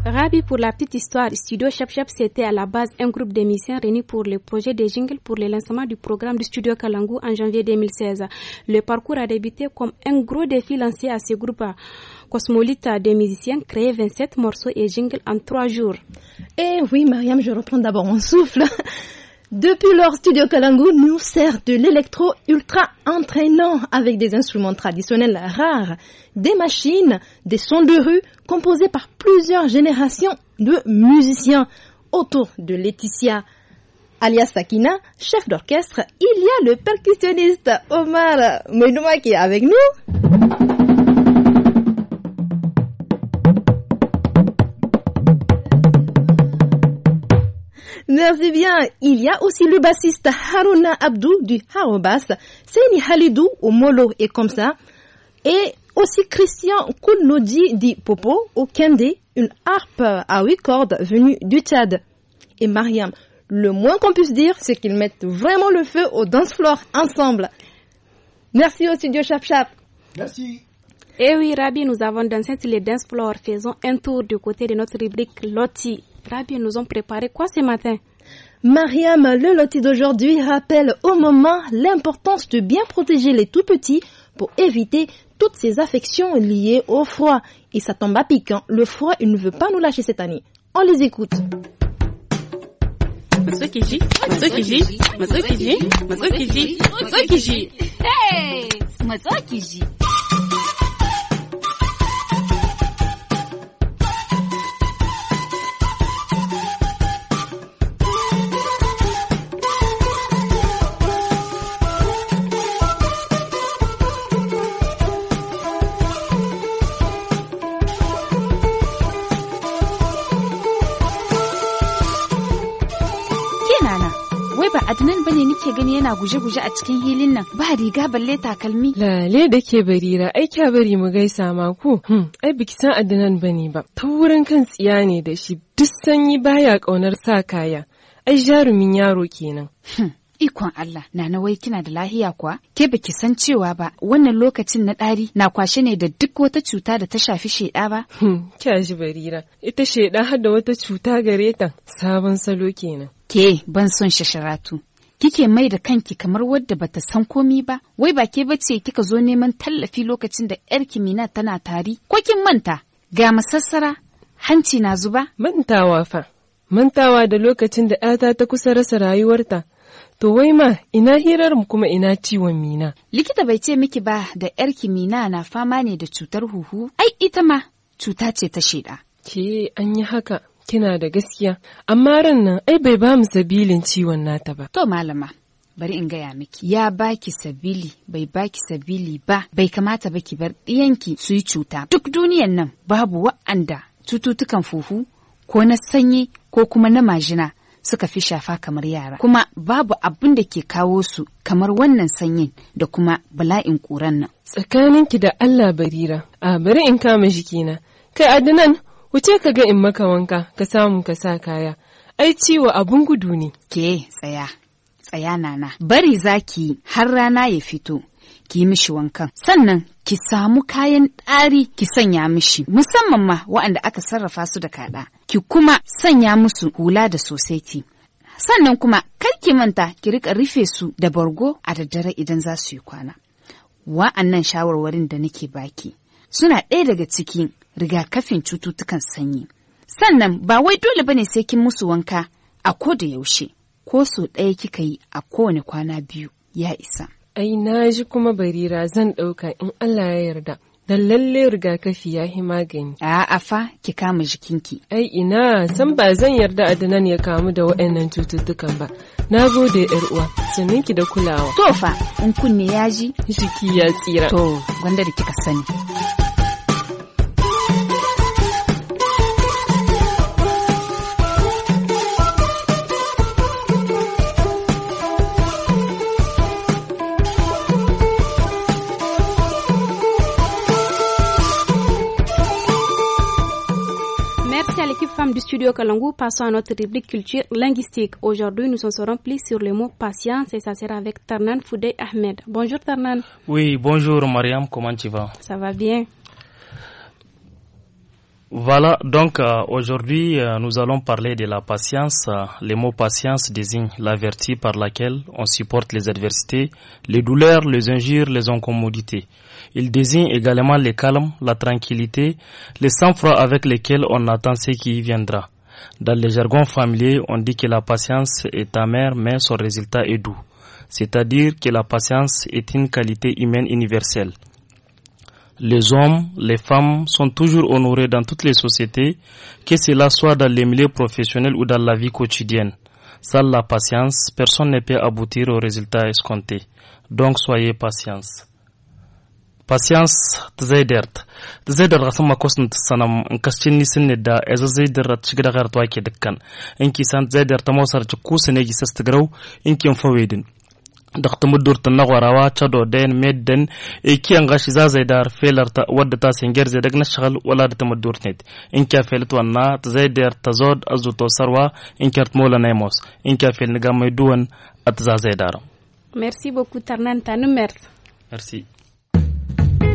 Rabi, pour la petite histoire, Studio Chap c'était à la base un groupe d'émissions réunis pour le projet des jingles pour le lancement du programme du Studio Kalangu en janvier 2016. Le parcours a débuté comme un gros défi lancé à ce groupe. Cosmolita des musiciens créé 27 morceaux et jingles en trois jours. Eh oui, Mariam, je reprends d'abord mon souffle. Depuis leur studio Kalangu nous sert de l'électro ultra entraînant avec des instruments traditionnels rares, des machines, des sons de rue composés par plusieurs générations de musiciens. Autour de Laetitia, alias Sakina, chef d'orchestre, il y a le percussionniste Omar Menouma qui est avec nous. Merci bien. Il y a aussi le bassiste Haruna Abdou du Harobas, Seni Halidou au Molo et comme ça. Et aussi Christian Kounodi du Popo au Kende, une harpe à huit cordes venue du Tchad. Et Mariam, le moins qu'on puisse dire, c'est qu'ils mettent vraiment le feu au dance floor ensemble. Merci aussi studio Chap Merci. Et eh oui, Rabi, nous avons dansé les dance floor. Faisons un tour du côté de notre rubrique Loti bien, nous ont préparé quoi ce matin Mariam, le loti d'aujourd'hui rappelle au moment l'importance de bien protéger les tout petits pour éviter toutes ces affections liées au froid. Et ça tombe à piquant, hein. le froid il ne veut pas nous lâcher cette année. On les écoute. Hey ana guje-guje a cikin hilin nan ba riga balle takalmi. Lale da ke barira ai kya bari mu gaisa ma ku. Hmm, ai biki san Adnan bane ba. Ta wurin kan tsiya ne da shi duk sanyi baya kaunar sa kaya. Ai jarumin yaro kenan. Hmm, ikon Allah, na wai kina da lahiya kuwa? Ke baki san cewa ba, wannan lokacin na ɗari na kwashe ne da duk wata cuta da ta shafi sheɗa ba? Hmm, kya ji barira, ita sheɗa har da wata cuta gare ta sabon salo kenan. Ke ban son shasharatu. kike mai da kanki kamar wadda bata san komi ba wai ba ke bace kika zo neman tallafi lokacin da yar kimina tana tari ko kin manta ga masassara hanci na zuba mantawa fa mantawa da lokacin da ɗata ta kusa rasa rayuwarta To wai ma ina hirar mu kuma ina ciwon mina. Likita bai ce miki ba da yarki mina na fama ne da cutar huhu? Ai ita ma cuta ce ta shida. Ke an yi haka. Kina da gaskiya, amma ran nan ai bai ba mu sabilin ciwon nata ba. To malama, bari in gaya miki ya baki sabili bai baki sabili ba bai kamata ba ki bar ɗiyanki su yi cuta duk duniyan nan babu wa'anda cututtukan fufu ko na sanyi ko kuma na majina suka fi shafa kamar yara kuma babu abin da ke kawo su kamar wannan sanyin da kuma bala'in ƙuran nan tsakaninki da Allah barira a bari in kama jikina kai adinan wuce ka ga in maka wanka ka samu ka sa kaya ai ciwo abun gudu ne ke tsaya tsaya nana bari zaki har rana ya fito ki mishi wankan sannan ki samu kayan ɗari ki sanya mishi musamman ma wa'anda aka sarrafa su da kaɗa ki kuma sanya musu hula da soseti sannan kuma kar ki manta ki riƙa rufe su da bargo a daddare idan za su yi kwana wa'annan shawarwarin da nake baki suna ɗaya daga cikin rigakafin cututtukan sanyi. Sannan ba wai dole bane sai kin musu wanka a ko da yaushe, ko so ɗaya kika yi a kowane kwana biyu ya isa. Ai na ji kuma barira zan ɗauka in Allah ya yarda. Da lalle rigakafi ya yi magani. A'a fa ki kama jikinki. Ai ina san ba zan yarda Adnan ya kamu da waɗannan cututtukan ba. Na gode yar uwa, sannan ki da kulawa. To fa, in kunne ya ji? Jiki ya tsira. To, gwanda da kika sani. du studio Kalangu, passons à notre rubrique culture linguistique. Aujourd'hui, nous en serons plus sur le mot patience et ça sera avec Tarnan Foudé Ahmed. Bonjour Tarnan. Oui, bonjour Mariam, comment tu vas Ça va bien. Voilà, donc euh, aujourd'hui euh, nous allons parler de la patience. Euh, le mot patience désigne la vertu par laquelle on supporte les adversités, les douleurs, les injures, les incommodités. Il désigne également le calme, la tranquillité, le sang-froid avec lesquels on attend ce qui y viendra. Dans les jargons familiers, on dit que la patience est amère, mais son résultat est doux. C'est-à-dire que la patience est une qualité humaine universelle. Les hommes, les femmes sont toujours honorés dans toutes les sociétés, que cela soit dans les milieux professionnels ou dans la vie quotidienne. Sans la patience, personne ne peut aboutir au résultat escompté. Donc soyez patience. patience tzeidert tzeidert ga sama kosn tsanam kastinni sinne da ezo zeidert chigda gar twake dukkan ki san zeidert mosar chukusene gi sastgraw inki fawedin daqtamo durtan naqwarawa chado den medden ekiyan gashi zazaydar ta wadda ta gerze singer na nashghal wala muddur datamo durtnet inka felat wanna tzaider tazod azuto sarwa ki a inkert mola naimos inka fel nigamay duwan at zazaydar merci beaucoup tarnan tanumert merci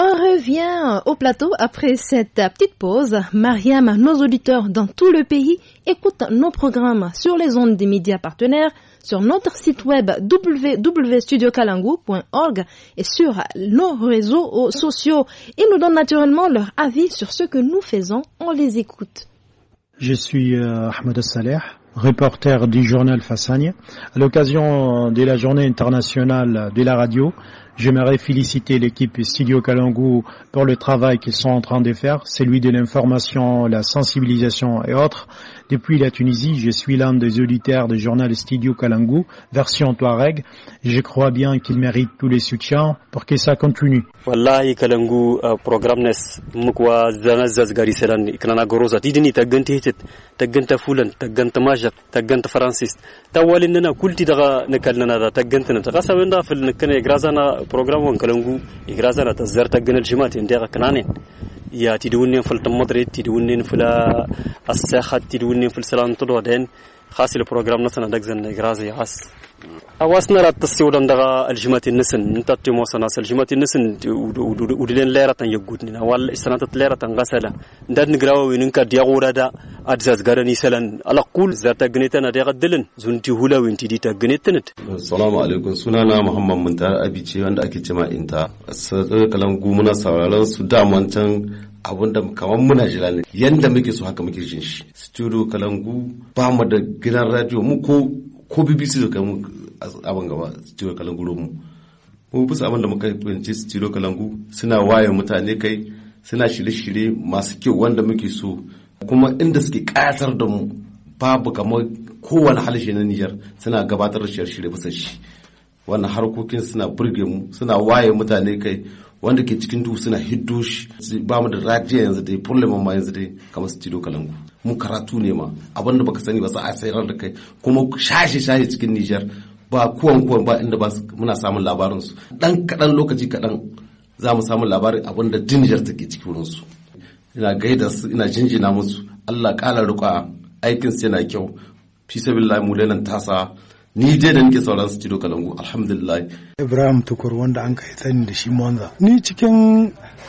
On revient au plateau après cette petite pause. Mariam, nos auditeurs dans tout le pays écoutent nos programmes sur les ondes des médias partenaires, sur notre site web www.studiocalango.org et sur nos réseaux sociaux. Ils nous donnent naturellement leur avis sur ce que nous faisons. On les écoute. Je suis euh, Ahmed Saleh, reporter du journal Fassagne. À l'occasion euh, de la journée internationale de la radio, J'aimerais féliciter l'équipe Studio Kalangu pour le travail qu'ils sont en train de faire, celui de l'information, la sensibilisation et autres. Depuis la Tunisie, je suis l'un des auditeurs du journal Studio Kalangu, version Touareg. Je crois bien qu'il mérite tous les soutiens pour que ça continue. Wallahi Kalangu euh, programme nes mukwa zanazaz gari selan iknana gorosa tidini taganti taganta fulan taganta majat taganta francis tawalin nana kulti daga nakalnana da taganta na taga sabenda fil igrazana programme kalangu igrazana tazar tagnal jimat indaga kanane يا تدونين في التمدري تدونين في الساخة تدونين في السلام تدودين خاصة البروغرام نصنا دكزن غرازي خاص awasna rat tasiwdan daga aljimati nisin inta timo sana aljimati nisin udilen leratan yagudni wal isnata leratan gasala dad nigrawa winin ka diagura da adzaz garani salan ala kul zata na da gaddilin zunti hula winti dita gnetan assalamu alaikum na muhammad muntar abici wanda ake cema inta kalan gumuna sauraron su daman can abun da kamar muna jira ne yanda muke so haka muke jin shi studio kalangu ba mu da gidan radio mu ko ko bbc da kai abin gaba ciwon kalangu mu mu bisa abin da muka fahimci su kalangu suna waye mutane kai suna shirye-shirye masu kyau wanda muke so kuma inda suke kayatar da mu babu kamar kowane halshe na nijar suna gabatar da shirye-shirye bisa shi wannan harkokin suna burge mu suna waye mutane kai wanda ke cikin duhu suna hiddo shi ba mu da rajiya yanzu dai problem ma yanzu dai kamar su kalangu mu karatu ne ma abin da baka sani ba sai a sayar da kai kuma shashi shashi cikin Nijar ba kuwan kuwan ba inda muna samun labarin su dan kadan lokaci kadan za mu samu labarin abin da Nijar take ciki wurin su ina gaida su ina jinjina musu Allah kala ruka aikin su yana kyau fi sabilillah mu lailan tasa ni dai da nake sauran su kalangu alhamdulillah Ibrahim Tukur wanda an kai sani da shi Monza ni cikin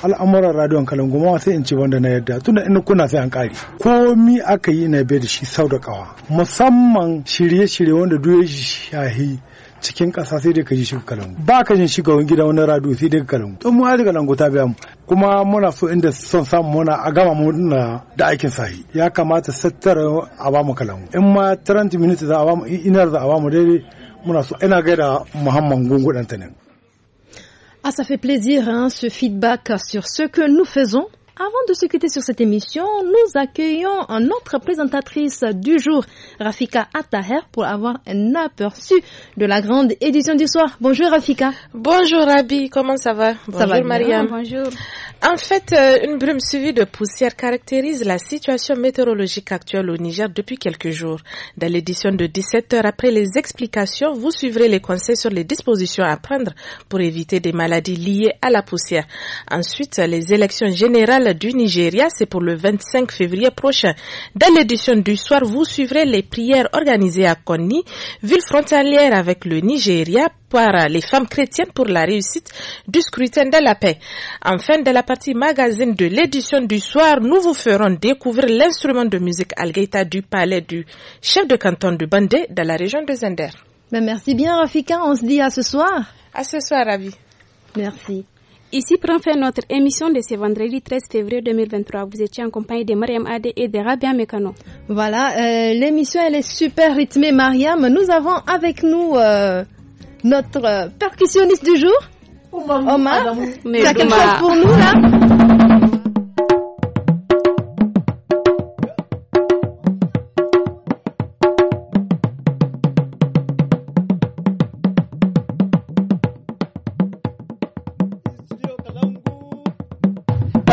al'amuran radiyon kalanguma sai in ce wanda na yarda tunda in kuna sai an kare komi aka yi na bai da shi sau da kawa musamman shirye-shirye wanda duk ya shahi cikin ƙasa sai dai ka ji shiga kalangu ba ka jin shiga wani gida wani radio sai dai kalangu to mu haɗe kalangu ta biya mu kuma muna so inda son samu muna a gama muna da aikin sahi ya kamata sattara a ba mu kalangu in ma 30 minutes za a ba mu inar za a ba mu daidai muna so ina gaida muhammad gungudan ta ne Ah, ça fait plaisir, hein, ce feedback sur ce que nous faisons. Avant de se quitter sur cette émission, nous accueillons notre présentatrice du jour, Rafika Attaher, pour avoir un aperçu de la grande édition du soir. Bonjour Rafika. Bonjour Rabi, comment ça va Bonjour ça Mariam. Bonjour. En fait, euh, une brume suivie de poussière caractérise la situation météorologique actuelle au Niger depuis quelques jours. Dans l'édition de 17 heures après les explications, vous suivrez les conseils sur les dispositions à prendre pour éviter des maladies liées à la poussière. Ensuite, les élections générales du Nigeria, c'est pour le 25 février prochain. Dans l'édition du soir, vous suivrez les prières organisées à Koni, ville frontalière avec le Nigeria, les femmes chrétiennes pour la réussite du scrutin de la paix. En fin de la partie magazine de l'édition du soir, nous vous ferons découvrir l'instrument de musique Algaïta du palais du chef de canton de Bandé dans la région de Zender. Ben, merci bien Rafika, on se dit à ce soir. À ce soir, Ravi. Merci. Ici prend fin notre émission de ce vendredi 13 février 2023. Vous étiez en compagnie de Mariam Adé et de Rabia Mekano. Voilà, euh, l'émission elle est super rythmée, Mariam. Nous avons avec nous euh, notre euh, percussionniste du jour, Omar. Omar tu as quelque chose pour nous là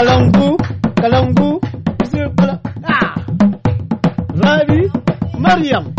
Kalangu, Kalangu, ah, Ravi, Mariam.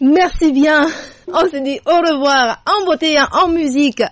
Merci bien. On se dit au revoir en beauté, en musique.